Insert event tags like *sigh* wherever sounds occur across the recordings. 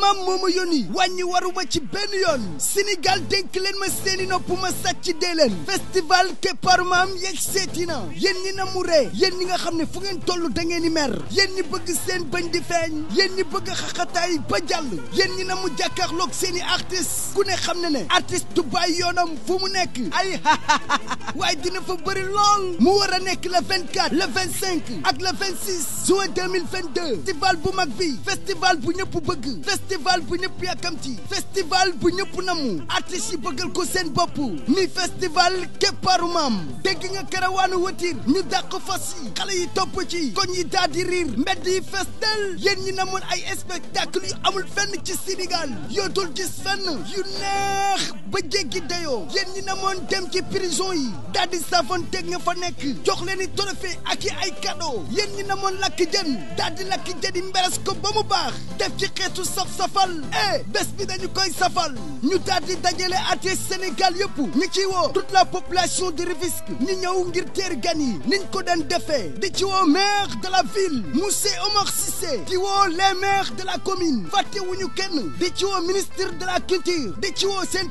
maam moo ma yónni wàññi waruma ci benn yoon Sénégal dénk leen ma seeni nopp ma sàcc dee leen festival Keparu Maam yegg seeti na yéen ñi na mu ree yéen nga xam ne fu ngeen tollu da ngeen di mer yéen ñi bëgg seen bañ di feeñ yéen ñi bëgg xaxataay ba jàll yéen ñi na mu jàkkaarloog seeni artiste ku ne xam ne ne artiste du bàyyi yoonam fu mu nekk ay *laughs* waaye dina fa bëri lool mu war a nekk le 24 le 25 ak le 26 juin 2022 festival bu mag bi festival bu ñëpp bëgg festival bu ñëpp yàkkamti festival bu ñëpp namu artistes yi bëggal ko seen bopp ni festival Képparu Maam dégg nga karawaanu wëtir ñu dàq fas yi xale yi topp ci koñ yi daal di riir mbedd yi festel yéen ñi namoon ay spectacle yu amul fenn ci Sénégal yoo dul gis fenn yu neex ba jéggi dayoo yéen ñi na moon dem ci prison yi daal di safon teg nga fa nekk jox leen i ay cadeau na moon lakk jën daal di mberes ko ba mu def ci xeetu saf-safal eh, bés bi dañu koy safal ñu daal di Sénégal yëpp ñi ci toute la population de Rufisque ñi ñëw ngir teer gan yi niñ ko daan defee di ci maire de la ville Mousse Omar Cissé di woo les maires de la commune wuñu kenn di ci woo ministre de la culture di ci woo seen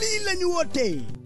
lii lañu wootee